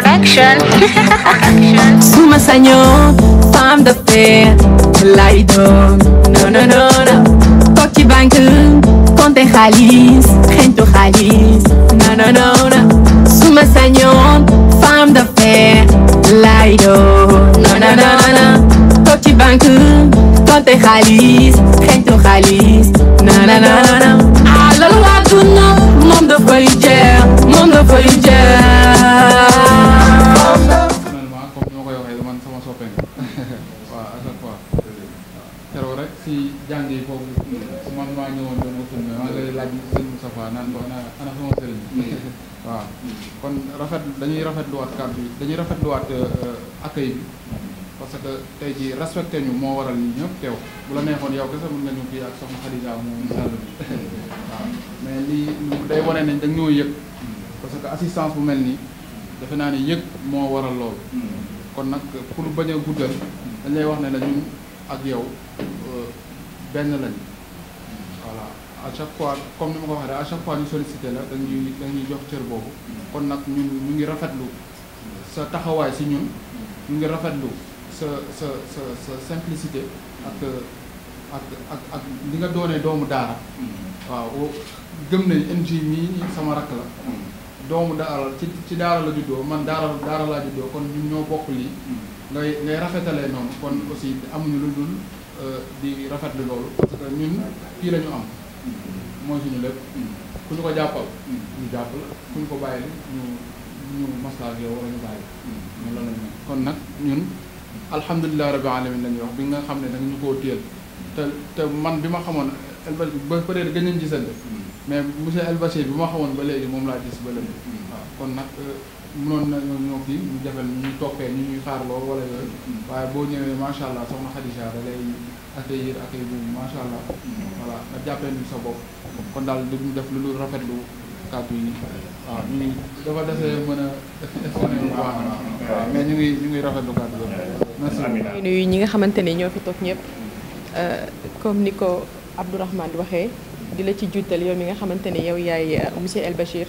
connection. Sous ma sagnon, femme d'affaires, la idole. No, no, no, no. Kokki banken, konte halis, gento halis. No, no, no, no. Suma ma farm the fair, la idole. No, no, no, no. Kokki banken, konte halis, gento halis. No, no, no, no, no. dañuy rafetluwaat kàddu yi dañuy rafetluwaat euh, euh, accueil bi parce que tey jii respecté ñu moo waral ñu ñëpp teew bu la neexoon yow kese mën nga ñu kii ak soxna Khadija moom sàll bi waaw mais lii day wone nañ dañ ñëw yëg parce que assistance bu mel nii defe naa ne yëg moo waral loolu kon nag pour bañ a guddal dañ lay wax ne la ñun ak yow euh, benn lañ à chaque fois comme ni ma ko waxee à chaque fois ñu sollicité la dañuy dañuy jox cër boobu kon nag ñun ñu ngi rafetlu sa taxawaay si ñun ñu ngi rafetlu sa sa sa sa simplicité ak ak ak ak li nga doonee doomu daara waaw gëm nañ ng mii sama rakk la doomu daara ci ci daara la juddoo man daara daara laa juddoo kon ñun ñoo bokk lii ngay ngay rafetalee noonu kon aussi amuñu lu dul euh, di rafetlu loolu parce que ñun fii la ñu am mooy suñu lépp ku ñu ko jàppal ñu jàpp la ku ñu ko bàyyi ñu ñu maslaa ak yow wala ñu bàyyi ñun loolu lañ kon nag ñun alhamdulilah rabbi alamin lañuy wax bi nga xam ne da ñu koo téyel te te man bi ma xamoon elbas bi ba peut-être gën nañ gisante mm. mais monsieur elbas bi ma xamoon ba léegi moom laa gis ba léegi mm. waaw kon nag euh, mënoon nañoo ñëw fii ñu defal ñu toppee ñu ñuy xaarloo wala yooyu mm-hmm. waaye boo ñëwee macha allah soxna Khadija da lay accueillir accueil bu macha allah mm-hmm. voilà nga jàppee ñu sa bopp mm-hmm. kon daal du def lu lu rafetlu kàddu yi ñu ngi dafa desee mën a expliqué bu mais ñu ngi ñu ngi rafetlu kàddu yi ñu ñi nga xamante ne ñoo fi toog ñëpp euh, comme ni ko Abdourahmane waxee di la ci juutal yow mi nga xamante ne yow yaay euh, monsieur El Bachir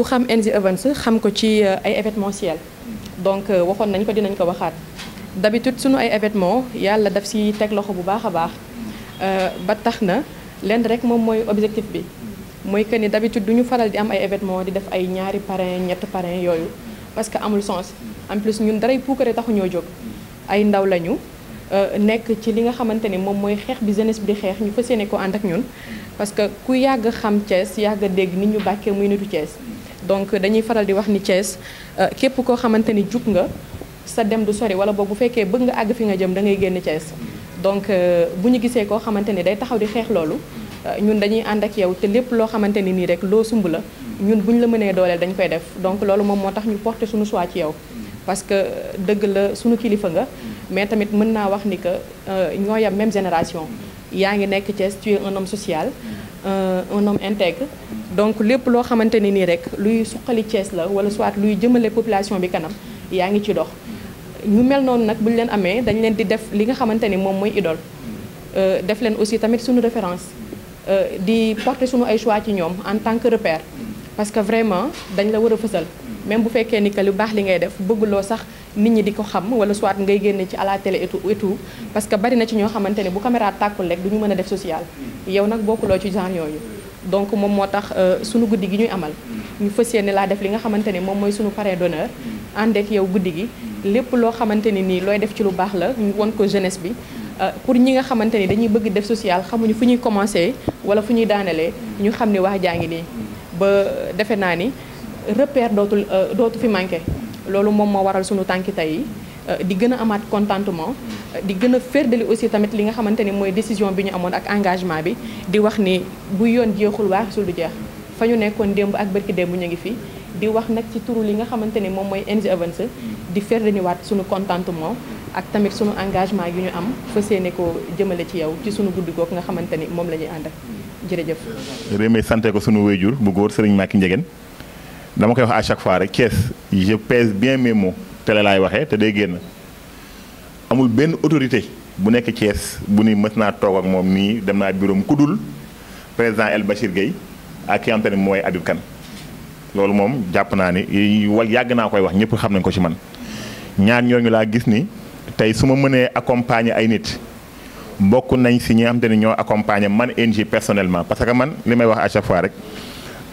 ku xam NG Events xam ko ci euh, ay événementiel donc euh, waxoon nañ ko dinañ ko waxaat d'habitude suñu ay événement yàlla daf si teg loxo bu baax a baax euh, ba tax na lenn rek moom mooy objectif bi mooy que ni d'habitude du ñu faral di am ay événement di def ay ñaari parrain ñetti parrain yooyu parce que amul sens en plus ñun daray puukare taxu ñoo jóg ay ndaw lañu nekk ci li nga xamante ni moom mooy xeex bi jeunesse bi xeex ñu fa yéene ko ànd ak ñun parce que ku yàgg xam Thiès yàgg dégg nit ñu bàkkee muy nitu Thiès donc dañuy faral di wax ni Thiès euh, képp koo xamante ni jug nga sa dem du sori wala boog bu fekkee bëgg nga àgg fi nga jëm da ngay génn Thiès donc euh, bu ñu gisee koo xamante ni day taxaw di xeex loolu euh, ñun dañuy ànd ak yow te lépp loo xamante ni nii rek loo sumb la ñun bu ñu la mënee dooleel dañ koy def donc loolu moom moo tax ñu porte sunu choix ci yow parce que dëgg la suñu kilifa nga mais tamit mën naa wax ni que ñoo yam même génération yaangi nek ci Thiès tu es un homme social euh, un homme intègre donc lepp lo xamanteni ni rek luy suqali Thiès la wala soit luy jëmale population bi kanam yaangi ci dox ñu mel non nak bu leen amé dañ leen di def li nga xamanteni mom moy idole idole euh, def leen aussi tamit suñu référence euh, di porter suñu ay choix ci ñom en tant que repère parce que vraiment dañ la wëra a même bu fekkee ni que lu bax li ngay def bëgguloo sax nit ñi diko xam wala soit ngay génne ci tele télé et tout et tout parce que bari na ci ño xamante bu caméra takul rek duñu mëna def social yow bokku lo ci genre yoyu donc mom motax suñu euh, sunu nyu ñuy amal ñu fassiyene la def li nga xamante mom moy suñu sunu d'honneur ande ak yow guddigi lepp lo loo ni loy def ci lu bax la ñu won ko jeunesse bi euh, pour ñi nga xamante dañuy bëgg def social xamuñu fu ñuy wala fu ñuy ñu xamni ne wax jaangi ni ba defé na ni repère dotul euh, dotu fi loolu moom mo waral sunu tanki tay euh, di gëna amat contentement euh, di gëna a férdali aussi tamit li nga xamanteni moy décision bi ñu amone ak engagement bi di wax ni bu yoon jeexul wax su du jeex fa ñu nekkoon démb ak barki demb ñu ngi fi di wax nak ci turu li nga xamanteni mom moy NG Avance di wat sunu contentement ak tamit sunu engagement yu ñu am fas yéene ko jëmele ci yow ci sunu guddigu goog nga xamanteni mom moom and ak jërëjëf. santé ko sunu wëjur bu goor Serigne Macky dama koy wax à chaque fois rek Thiès je pèse bien mes mots tel est waxee te day génn amul ben autorité bu nekk Thiès bu ni mës naa toog ak moom nii bureau ku président El Bachir Gay ak qui am te ne mooy Habib Kane loolu il y a ni yàgg quoi koy wax ñëpp xam nañ ko ci man ñaar ñooñu laa gis ni tey su ma accompagner ay nit bokk nañ si ñi nga xam ñoo accompagner man NG personnellement parce que man li may wax à chaque fois rek.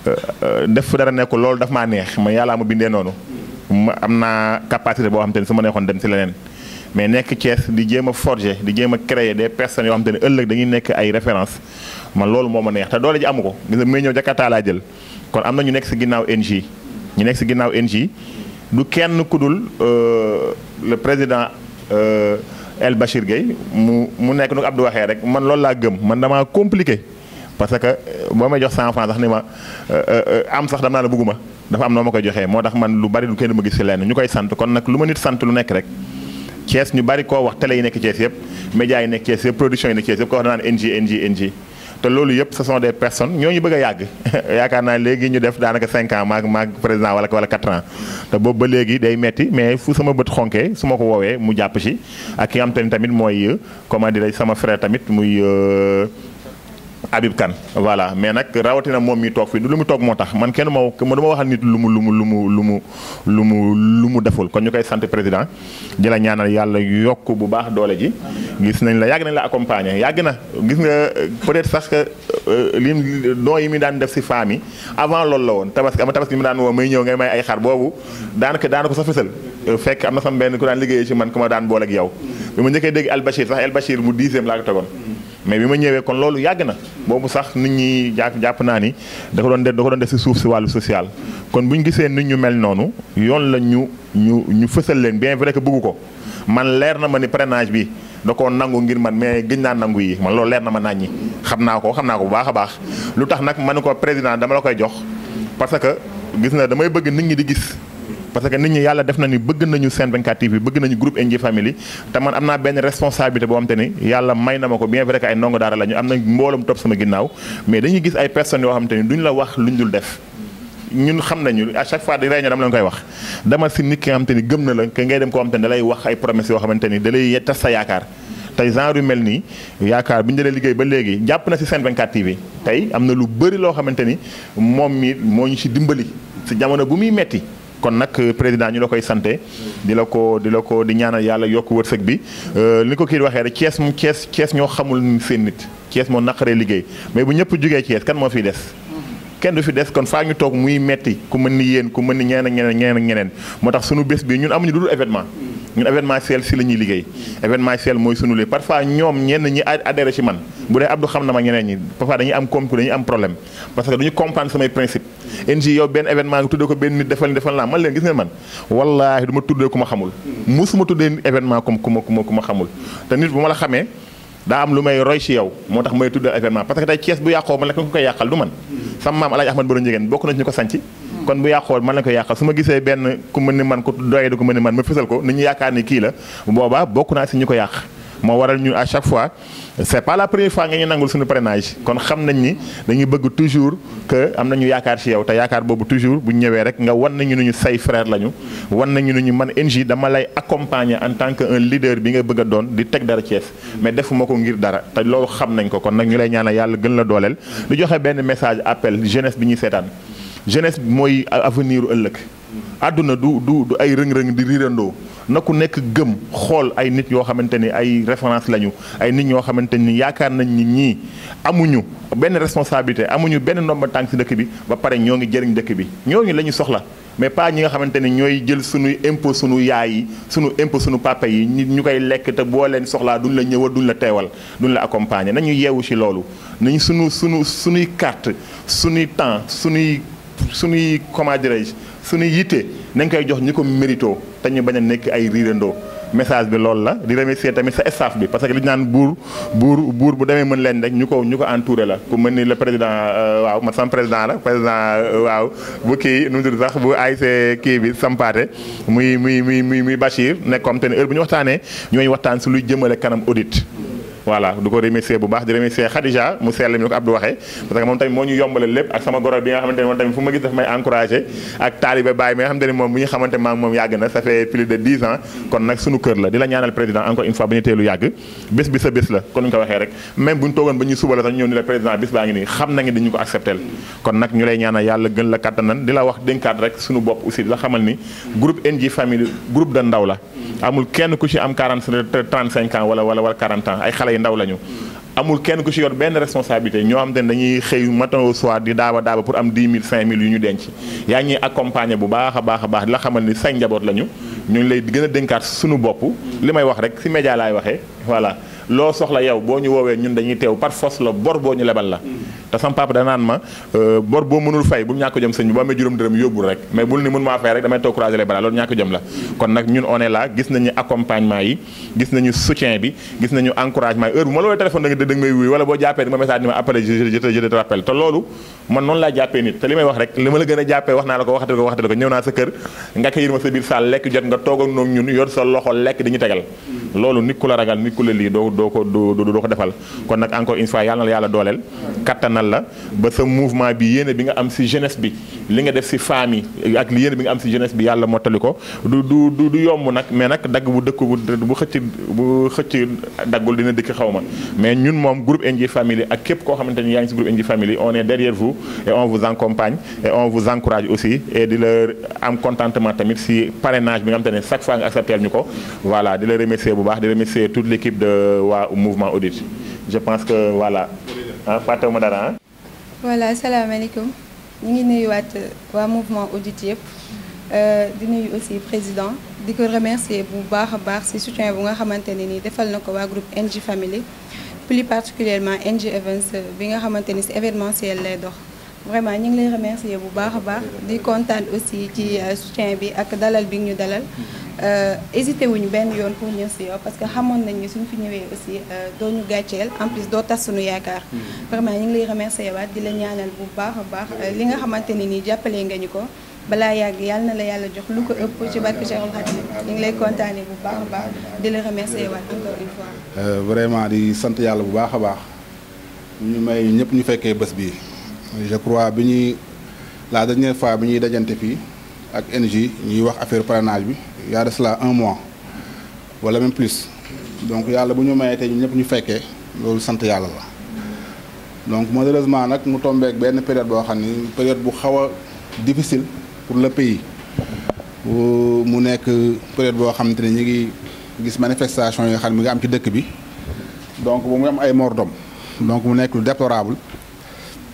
Euh, euh, def fu dara nekkul loolu daf maa neex man yàllaa ma bindee noonu ma am na capacité boo xam te ne su ma neexoon dem si leneen mais nekk Thiès di jéem a forger di jéem a créer des personnes yoo xam te ne ëllëg dañuy nekk ay référence man loolu moo ma neex te doole ji amu ko gis nga muy ñëw Jakarta laa jël kon am na nekk si ginnaaw NG ñu nekk si ginnaaw NG du kenn ku dul euh, le président El Bachir Gueye mu mu nekk nu ko Abdou waxee rek man loolu laa gëm man dama compliqué parce que euh, boo may jox 100 francs sax ni ma euh, euh, am sax dam naa la bëgguma dafa am noo ma koy joxee moo tax man lu bari lu kenn ma gis si lenn ñu koy sant kon nag lu ma nit sant lu nekk rek Thiès ñu bari koo wax télé yi nekk Thiès yëpp médias yi nekk Thiès yëpp production yi nekk Thiès yëpp ko wax danaan NG NG NG te loolu yëpp ce sont des personnes ñoo ñu bëgg a yàgg yaakaar naa léegi ñu def daanaka 5 ans maag maag président wala wala 4 ans te boobu ba léegi day metti mais fu sama bët xonkee su ma ko woowee mu jàpp ci ak ki nga xam tamit mooy comment dirais sama frère tamit muy. Habib kan voilà mais nag rawatina moom mi toog lu mu toog moo tax man kenn moo ma du ma waxal nit lu mu lu mu lu mu lu mu lu mu lu mu deful kon ñu koy sant président di ñaanal yàlla yokk bu baax doole ji gis nañ la yàgg nañ la accompagner yàgg na gis nga peut-être sax que euh, lim don yi mi daan def si femme avant loolu la woon tabaski ama tabaski yi mu daan woo may ñëw ngay may ay xar boobu daanaka daana ko sa fësal euh, fekk am na sama benn ku daan liggéeyee ci man ku ma daan boole ak yow bi ma njëkkee dégg El Bachir El Bachir mu dixième laa ko mais bi ma ñëwee kon loolu yàgg na boobu sax nit ñi jàpp jàpp naa ni dafa doon def dafa doon def si suuf si wàllu social. kon bu ñu gisee nit ñu mel noonu yoon la ñu ñu ñu fësal leen bien vrai que bëggu ko man leer na ma ni parrainage bi da koo nangu ngir man mais gëj naa nangu yi man loolu leer na ma nañ ñi xam naa ko xam naa ko bu baax a baax lu tax nag ma ne ko président dama la koy jox parce que gis na damay bëgg nit ñi di gis. parce que nit ñi yàlla def na ni bëgg nañu Sen 24 TV bëgg nañu groupe N J Family te man am naa benn responsabilité boo xam te ni yàlla may na ma ko bien vrai que ay ndongo daara la ñu mbooloom topp sama ginnaaw mais dañuy gis ay person yoo xam te ni duñ la wax luñ dul def ñun xam nañu ñu chaque fois di réunion dama leen koy wax dama si nit ki nga xam te ni gëm na la que ngay dem koo xam te ni da lay wax ay promesses yoo xamante ni da lay tas sa yaakaar tey genre mel nii yaakaar bi ñu dalee liggéey ba léegi jàpp na si Sen 24 TV tey am na lu loo xamante ni moom mi moo ñu si dimbali si jamono bu muy metti kon nag euh, président ñu la koy santé di la ko di la ko di ñaanal yàlla yokk wërsëg bi euh, ni ko kii waxee rek cees mu Thiès Thiès ñoo xamul seen nit cees moo naqaree liggéey mais bu ñëpp jugee Thiès kan moo fiy des kenn du fi des kon faa ñu toog muy metti ku mën ni yéen ku mën ni ñeneen ak ñeneen ñeneen ñeneen moo tax sunu bés bi ñun amuñu dul événement ñu événementiel si la ñuy liggéey événementiel mooy sunu liggéey parfois ñoom ñenn ñi adhéré ci man bu dee Abdou xam na ma ñeneen ñi parfois dañuy am compli dañuy am problème parce que duñu comprendre samay principe NG yow benn événement nga tuddee ko benn nit defal ni defal naa man leen gis ngeen man wallaahi du ma tuddee ku ma xamul musuma tuddee événement comme ku ma ku ku ma xamul te nit bu ma la xamee daa am lu may roy ci yow moo tax may tuddal événement parce que tey Thiès bu yàqoo man la ko koy yàqal du man sama maam Alaaji Ahmad Boro Njigéen bokk na ci ñu ko sanc kon bu yàqoo man la koy yàqal su ma gisee benn ku mën ni man ku doyee di ku ma ni man ma fësal ko ni ñu yaakaar ni kii la boobaa bokk naa ci ñu ko yàq moi à chaque fois c'est pas la première fois que nous nangul suñu prénage kon xam ni nous toujours que am nañu nous toujours bu ñëwee rek nga wan nañu ñu say frère lañu wan nañu ñu man en tant que un leader bi nga bëgg mais ngir dara la message appel jeunesse bi jeunesse, jeunesse bi avenir du du ay rëng-rëng na ku nekk gëm xool ay nit yoo xamante ni ay référence lañu ay nit ñoo xamante ni yaakaar nañ ni ñii amuñu benn responsabilité amuñu benn ndomba tànk si dëkk bi ba pare ñoo ngi jëriñ dëkk bi ñooñu la ñu soxla mais pas ñi nga xamante ni ñooy jël suñuy impôt suñu yaay yi suñu impôt suñu papa yi ñu koy lekk te boo leen soxlaa duñ la ñëwal duñ la teewal duñ la accompagner nañu yeewu ci loolu nañu suñu suñu suñuy carte suñuy temps suñuy suñuy comment dirais suñu yitte nañ koy jox ñi ko mérito te ñu bañ a nekk ay riirandoo message bi loolu la di remercier tamit sa staff bi parce que li ñu naan buur buur buur bu demee mën leen rek ñu ko ñu ko entouré la ku mën nii la président euh, waaw man sama président la président euh, waaw bu kii nu mu sax bu AIC kii bi sampaate muy muy muy muy muy Bachir nekk te ne heure bu ñu waxtaanee ñooñu waxtaan si luy jëmale kanam audit voilà du ko remercier bu baax di remercier mu ni ko Abdou waxee parce que moom tamit moo ñu yombale lépp ak sama goro bi nga xamante ne moom tamit fu ma gis daf may encouragé ak taalibe Baye mi nga xamante ne moom bu ñu xamante maa moom yàgg na ça fait plus de 10 ans kon nag suñu kër la di la ñaanal président encore une ba ngi nii xam na ngi dañu ko acceptel kon nag ñu lay ñaanal yàlla gën la kattanan di la wax dénkaat rek suñu bopp aussi ay ndaw lañu amul kenn ku ci yor benn responsabilité ñoo xam te ne dañuy xëy matin au soir di daaba daaba pour am 10 mille 5 000 yu ñu denc yaa ngi ñuy accompagner bu baax a baax a baax di la xamal ni sañ njaboot lañu ñu ngi lay gën a dénkaat suñu bopp li may wax rek ci média laay waxee voilà loo soxla yow boo ñu woowee ñun dañuy teew par force la bor boo ñu lebal la te sama papa da naan ma euh, bor boo mënul fay bu mu ñàkk jëm sëñ bi ba amee juróom dërëm yóbbul rek mais bul ni mën maa fay rek damay toog nañu accompagnement yi gis gis nañu encouragement yi heure bu ma la wooyee téléphone da nga dëgg may ni ma appelé je te je te rappelle te a jàppee wax naa la ko waxati ko waxati ko ñëw ñun yor sa loxo lekk di ñu tegal loolu nit ku la ragal nit ku la lii doo doo ko doo ko defal kon nag encore une fois yàlla na la yàlla dooleel ñaanal la ba sa mouvement bi yene bi nga am ci jeunesse bi li nga def ci famille ak li yene bi nga am ci jeunesse bi yalla mottali ko du du du yomb nak mais nak dagg bu dëkk bu xëcc bu xëcc daggul dina dëkk xawma mais ñun moom groupe NJ Family ak képp ko xamanteni ni yaa ngi groupe NJ Family on est derrière vous et on vous accompagne et on vous encourage aussi et di leur am contentement tamit si parrainage bi nga xamanteni chaque fois nga accepté ñuko voilà di la remercier bu baax di remercier toute l'équipe de wa mouvement audit je pense que voilà ah fàttewu dara ah. voilà salam alaikum. Nous sommes euh, waa mouvement audit Nous euh, di nuyu aussi président di ko remercier bu baax baax ci soutien bu nga xamante ne nii defal na ko groupe NG Family plus particulièrement NG Events euh, bi nga maintenu ni ci événementiel vraiment ñing lay remercier bu baax baax di kontaan aussi ci euh, soutien bi ak dalal bi ñu dalal euh hésité wuñu ben yoon pour ñëw si parce que xamone nañ ni suñu fi ñëwé aussi euh, doo ñu gàcceel en plus do tass suñu yaakar mm. vraiment ñing lay remercier waat di la ñaanal bu baax baax euh, li nga xamante ni nii jàppalee nga ñu ko balaa yàgg yàlla na la yàlla jox lu ko ëpp ci barke Cheikhul Khadim ñing lay kontaane bu baax baax di la remercier waat encore une fois euh vraiment di sante yalla bu baax baax ñu may ñëpp ñu fekkee bés bi je crois que la dernière fois que nous dajante NG, avec NJ ñuy wax affaire lui. il y a de cela un mois voilà même plus donc il y a un donc malheureusement nous mu tombés une période période difficile pour le pays Nous avons période manifestation donc nous avons eu des mort donc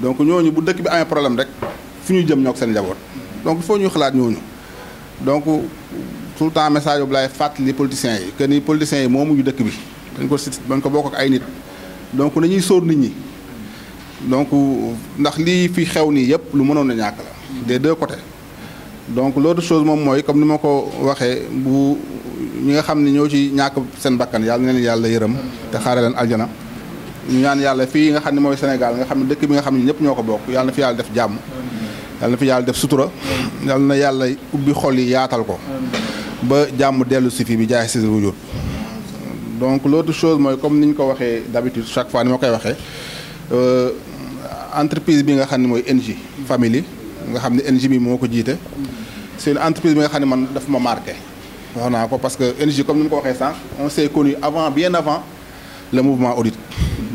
donc ñooñu bu dëkk bi amee problème rek fu ñu jëm ñoo ko seen njaboot donc il faut ñu xalaat ñooñu donc tout le temps message boobu laay fàttali politiciens yi que nii politiciens yi moo moomuñu dëkk bi dañ ko si ko bokk ay nit donc nañuy sóor nit ñi donc ndax lii fi xew nii yëpp lu mënoon na ñàkk la des donc l'autre chose moom mooy comme ni ma ko waxee bu ñi nga xam ne ñoo ci ñàkk seen bakkan yàlla na leen yàlla yërëm te xaare leen aljana ñu ñaan yalla fi nga xamni moy Sénégal nga xamni dëkk bi nga xamni ñëpp ñoko bok yalla na fi yalla def jamm yalla na fi yalla def sutura yalla na yalla ubbi xol yi yaatal ko ba jamm dellu ci fi bi jaay si wujur donc l'autre chose moy comme niñ ko waxé d'habitude chaque fois ni ma koy waxé euh entreprise bi nga xamni moy mooy Family nga xamni ne bi moko jité c'est une entreprise bi nga xamni man daf ma marqué wax na ko parce que NJ comme niñ ko waxé sànq on s'est connu avant bien avant le mouvement audit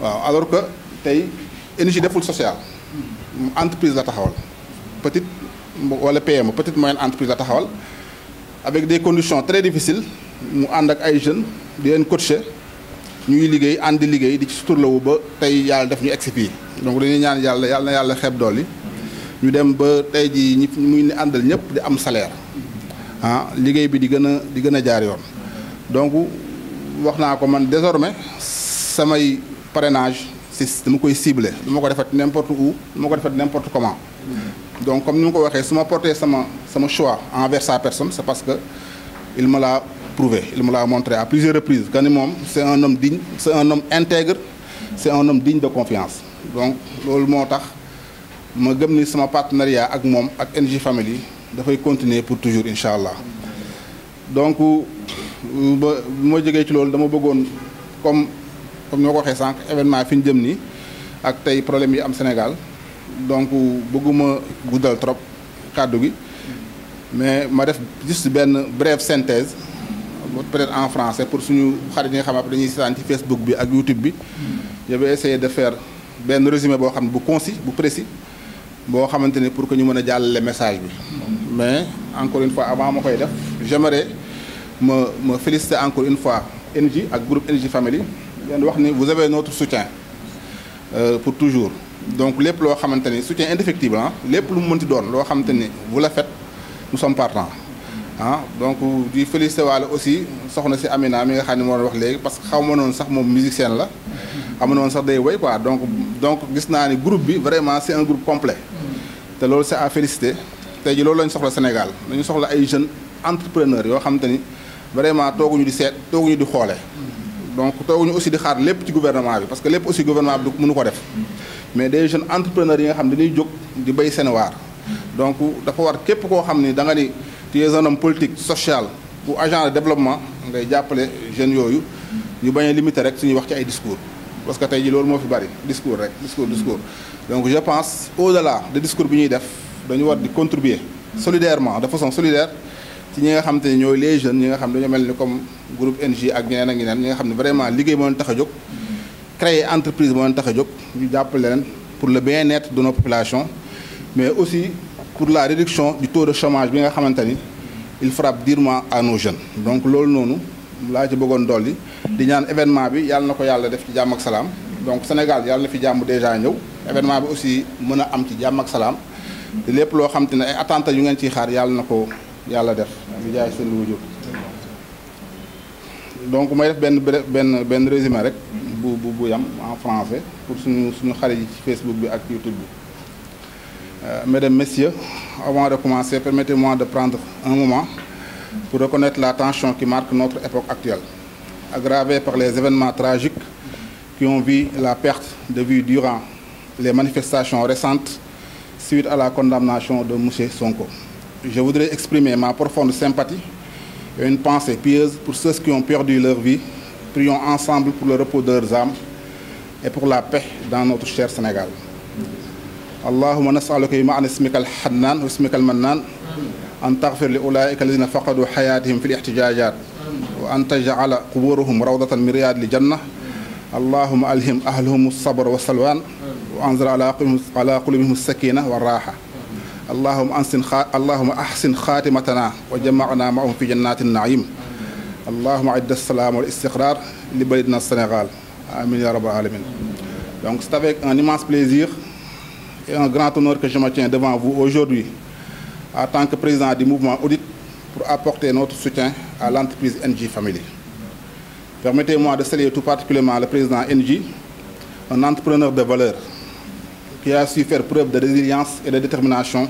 waaw alors que tey énergie deful social entreprise la taxawal petite wala PME petite moyenne entreprise la taxawal avec de condition très difficile mu ànd ak ay jeunes di leen coacher ñuy liggéey ànd di liggéey di ci suturlawu ba tey yàlla def ñu egsi donc dañuy ñaan yàlla yàlla na yàlla xeeb dool ñu dem ba tey jii ñi muy ni àndal ñëpp di am salaire ah liggéey bi di gën a di gën a jaar yoon donc wax naa ko man désormais samay parrainage c'est dama koy ciblé Je vais le faire n'importe où je vais le faire n'importe comment donc comme nous avons ko choix envers sa personne c'est parce qu'il me l'a prouvé il me l'a montré à plusieurs reprises c'est un homme digne c'est un homme intègre c'est un homme digne de confiance donc je que je ma partenariat avec Mom, avec NG Family vais continuer pour toujours inshallah. donc euh, moi je ci comme comme nous ma ko l'événement événement fi ñu jëm nii ak tey problème yi am Sénégal donc bëgguma guddal trop kàddu gi mais ma def juste une brève synthèse peut-être en français pour suñu xarit yi nga xam ne dañuy Facebook et YouTube je vais essayer de faire un résumé boo concis précis pour que nous puissions a message mais encore une fois avant de koy def j'aimerais me féliciter encore une fois et le groupe NJ Family vous avez notre soutien euh, pour toujours donc les plus xamante soutien indéfectible Les hein, lépp lu mu mënti vous la faites nous sommes partants Hein? donc di félicité aussi soxna si Amina mi nga xam ne parce que xaw on noonu sax musicien là, xamu noonu sax day woy quoi donc donc c'est un groupe bi vraiment c'est un groupe complet te loolu c'est à féliciter tey ji loolu lañu soxla Sénégal dañu soxla ay jeunes entrepreneurs yoo vraiment, ni vraiment tooguñu di au tooguñu di xoole donc nous ñu aussi di xaar petits ci gouvernement parce que les petits gouvernement ne peuvent pas ko mais des jeunes entrepreneurs ils ont des dañuy jóg di donc il faut voir que pour ni da nga ni tu es un politique social ou agent de développement ngay les jeunes yoyu, ñu bañ a limiter rek ce wax ci ay discours parce que c'est ji loolu moo fi bari discours discours discours donc je pense au-delà des discours bi ñuy def contribuer solidairement de façon solidaire ci ñi nga xam te ne ñooy les jeunes ñi nga xam dañoo mel ni comme groupe NG ak ñeneen ak ñeneen ñi nga xam ne vraiment liggéey moo leen tax a jóg créer entreprise moo leen tax a jóg ñu jàppale leen pour le bien-être de nos populations mais aussi pour la réduction du taux de chômage bi nga xamante ni il frappe durement à nos jeunes donc loolu noonu laa ci bëggoon dolli di ñaan événement bi yàlla na ko yàlla def ci jàmm ak salaam donc Sénégal yàlla na fi jàmm déjà ñëw événement bi aussi mën a am ci jàmm ak salaam lépp loo xam te ne ay attentes yu ngeen ciy xaar yàlla na ko def donc def en français pour Facebook bi YouTube euh, Mesdames, Messieurs, avant de commencer, permettez-moi de prendre un moment pour reconnaître la tension qui marque notre époque actuelle, aggravée par les événements tragiques qui ont vu la perte de vue durant les manifestations récentes suite à la condamnation de M. Sonko. Je voudrais exprimer ma profonde sympathie et une pensée pieuse pour ceux qui ont perdu leur vie, prions ensemble pour le repos de leurs âmes et pour la paix dans notre cher Sénégal. Allahouma nass'aloukeima an ismekel hannan, usmekel mannan, an tagfir li'oulaikal zina faqadu hayadhim fil ihtijajat, an tagja'ala kouboruhum ra'udatan miryad li jannah, Allahouma alhim ahloumous wa salwan, an ala kouloumous sakina wa raha. Donc c'est avec un immense plaisir et un grand honneur que je me tiens devant vous aujourd'hui en tant que président du mouvement Audit pour apporter notre soutien à l'entreprise NG Family. Permettez-moi de saluer tout particulièrement le président NG, un entrepreneur de valeur qui a su faire preuve de résilience et de détermination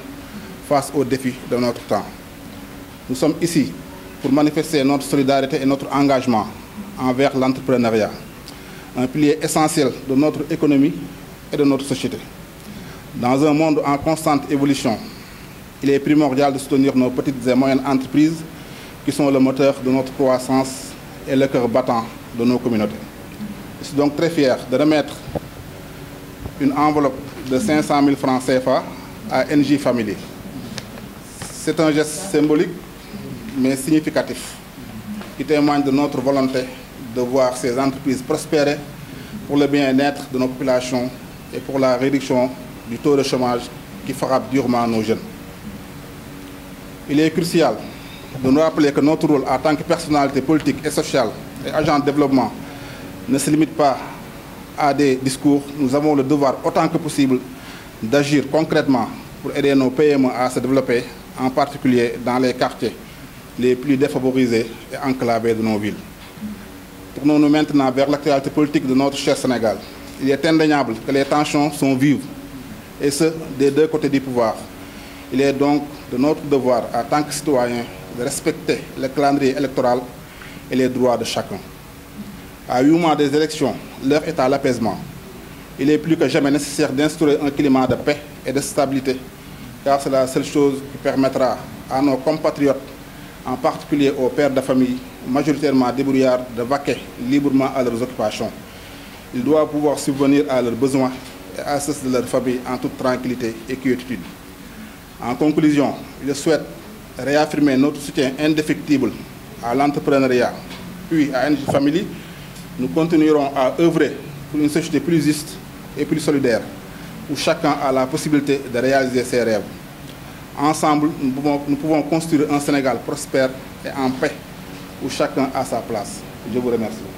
face aux défis de notre temps. Nous sommes ici pour manifester notre solidarité et notre engagement envers l'entrepreneuriat, un pilier essentiel de notre économie et de notre société. Dans un monde en constante évolution, il est primordial de soutenir nos petites et moyennes entreprises qui sont le moteur de notre croissance et le cœur battant de nos communautés. Je suis donc très fier de remettre une enveloppe de 500 000 francs CFA à NJ Family. C'est un geste symbolique mais significatif qui témoigne de notre volonté de voir ces entreprises prospérer pour le bien-être de nos populations et pour la réduction du taux de chômage qui frappe durement nos jeunes. Il est crucial de nous rappeler que notre rôle en tant que personnalité politique et sociale et agent de développement ne se limite pas à des discours, nous avons le devoir autant que possible d'agir concrètement pour aider nos PME à se développer, en particulier dans les quartiers les plus défavorisés et enclavés de nos villes. Tournons-nous maintenant vers l'actualité politique de notre cher Sénégal. Il est indéniable que les tensions sont vives, et ce, des deux côtés du pouvoir. Il est donc de notre devoir, en tant que citoyens, de respecter le calendrier électoral et les droits de chacun. À huit mois des élections, l'heure est à l'apaisement. Il est plus que jamais nécessaire d'instaurer un climat de paix et de stabilité, car c'est la seule chose qui permettra à nos compatriotes, en particulier aux pères de famille, majoritairement débrouillards, de vaquer librement à leurs occupations. Ils doivent pouvoir subvenir à leurs besoins et à ceux de leur famille en toute tranquillité et quiétude. En conclusion, je souhaite réaffirmer notre soutien indéfectible à l'entrepreneuriat, puis à une famille. Nous continuerons à œuvrer pour une société plus juste et plus solidaire, où chacun a la possibilité de réaliser ses rêves. Ensemble, nous pouvons, construire un Sénégal prospère et en paix, où chacun a sa place. Je vous remercie.